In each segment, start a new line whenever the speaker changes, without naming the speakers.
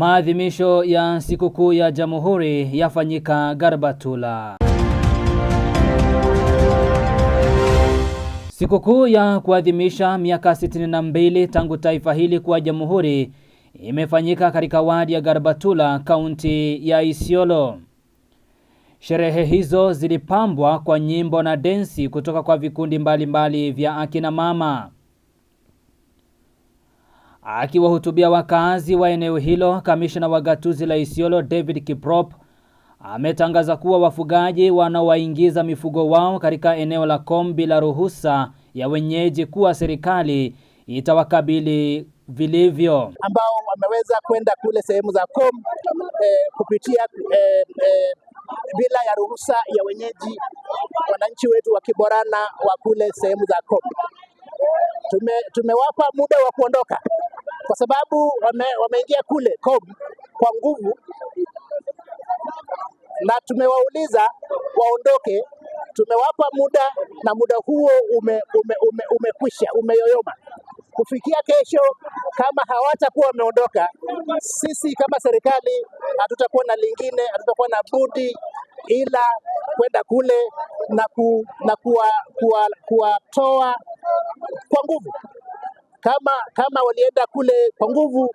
Maadhimisho ya sikukuu ya Jamhuri yafanyika Garbatula. Sikukuu ya kuadhimisha miaka 62 tangu taifa hili kuwa jamhuri imefanyika katika wadi ya Garbatula, kaunti ya Isiolo. Sherehe hizo zilipambwa kwa nyimbo na densi kutoka kwa vikundi mbalimbali mbali vya akina mama. Akiwahutubia wakaazi wa eneo hilo, kamishna wa gatuzi la Isiolo David Kiprop ametangaza kuwa wafugaji wanaowaingiza mifugo wao katika eneo la Kom bila ruhusa ya wenyeji kuwa serikali itawakabili vilivyo.
Ambao wameweza kwenda kule sehemu za Kom eh, kupitia eh, eh, bila ya ruhusa ya wenyeji, wananchi wetu wakiborana wa kule sehemu za Kom. Tume, tumewapa muda wa kuondoka kwa sababu wameingia wame kule COB kwa nguvu, na tumewauliza waondoke. Tumewapa muda na muda huo ume, ume, ume, umeyoyoma. Kufikia kesho, kama hawatakuwa wameondoka, sisi kama serikali hatutakuwa na lingine, hatutakuwa na budi ila kwenda kule na, ku, na kuwatoa kuwa, kuwa kwa nguvu kama kama walienda kule kwa nguvu,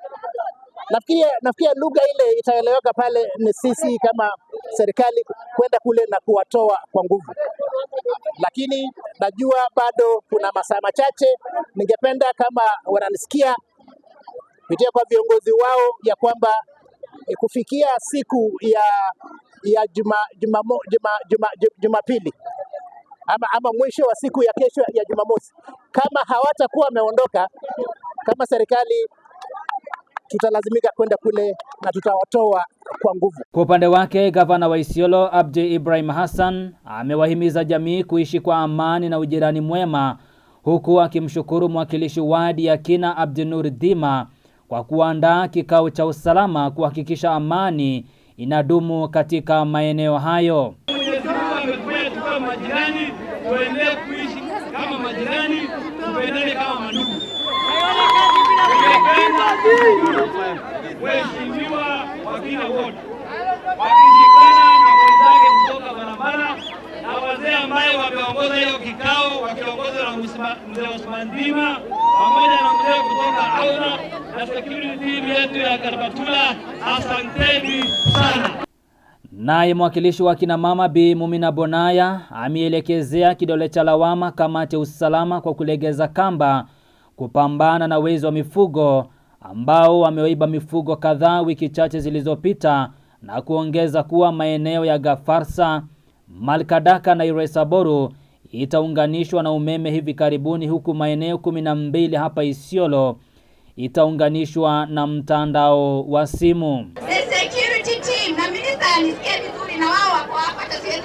Nafikiri nafikiria lugha ile itaeleweka pale, ni sisi kama serikali kwenda kule na kuwatoa kwa nguvu, lakini najua bado kuna masaa machache. Ningependa kama wananisikia kupitia kwa viongozi wao ya kwamba kufikia siku ya ya Jumapili juma, juma, juma, juma, juma ama, ama mwisho wa siku ya kesho ya Jumamosi, kama hawatakuwa wameondoka kama serikali tutalazimika kwenda kule na tutawatoa kwa nguvu.
Kwa upande wake, gavana wa Isiolo Abdi Ibrahim Hassan amewahimiza jamii kuishi kwa amani na ujirani mwema, huku akimshukuru mwakilishi wadi ya Kina Abdinur Dhima kwa kuandaa kikao cha usalama kuhakikisha amani inadumu katika maeneo hayo.
kama majirani, tupendane kama mandugu. Waheshimiwa wakina wote wakishikana na wenzake kutoka barabara na wazee ambaye wameongoza hiyo kikao wakiongozwa na mzee Osman Dima pamoja na mzee kutoka aura na security yetu ya karbatula asanteni sana.
Naye mwakilishi wa kina mama Bi Mumina Bonaya ameelekezea kidole cha lawama kamati ya usalama kwa kulegeza kamba kupambana na wezi wa mifugo ambao wameiba mifugo kadhaa wiki chache zilizopita na kuongeza kuwa maeneo ya Gafarsa, Malkadaka na Iresaboru itaunganishwa na umeme hivi karibuni, huku maeneo 12 hapa Isiolo itaunganishwa na mtandao wa simu
nisikie vizuri, na wao wako hapa, hata siwezi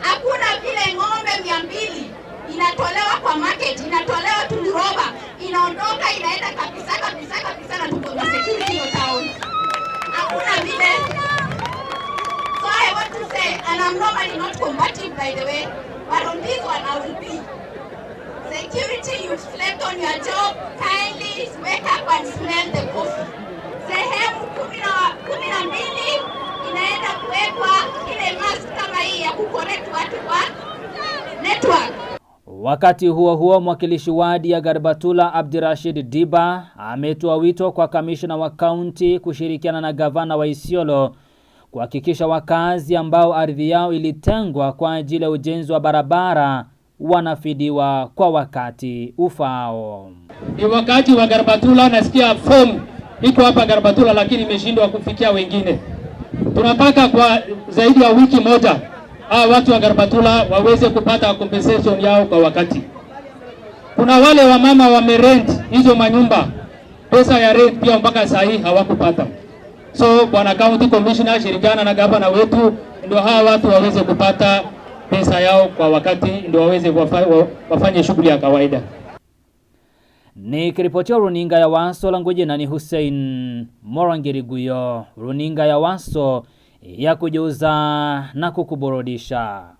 Hakuna vile ng'ombe mia mbili inatolewa kwa market, inatolewa tu roba, inaondoka inaenda kabisa kabisa kabisa, na tuko na security hiyo town, hakuna vile. So I want to say and I'm normally not combative by the way, but on this one I will be security. You've slept on your job, kindly wake up and smell the coffee.
Wakati huo huo, mwakilishi wadi ya Garbatula Abdirashid Diba ametoa wito kwa kamishna wa kaunti kushirikiana na gavana wa Isiolo kuhakikisha wakazi ambao ardhi yao ilitengwa kwa ajili ya ujenzi wa barabara wanafidiwa kwa wakati ufaao.
Ni wakati wa Garbatula, nasikia fomu iko hapa Garbatula, lakini imeshindwa kufikia wengine. Tunapaka kwa zaidi ya wiki moja hawa watu wa Garbatula waweze kupata compensation yao kwa wakati. Kuna wale wamama wamerent hizo manyumba, pesa ya rent pia mpaka saa hii hawakupata. So bwana county commissioner, shirikiana na gavana wetu ndio hawa watu waweze kupata pesa yao kwa wakati, ndio waweze wafanye shughuli ya kawaida.
ni ya runinga ya Waso, langu nani ni Hussein Morangiriguyo, runinga ya Waso ya kujuza na kukuburudisha.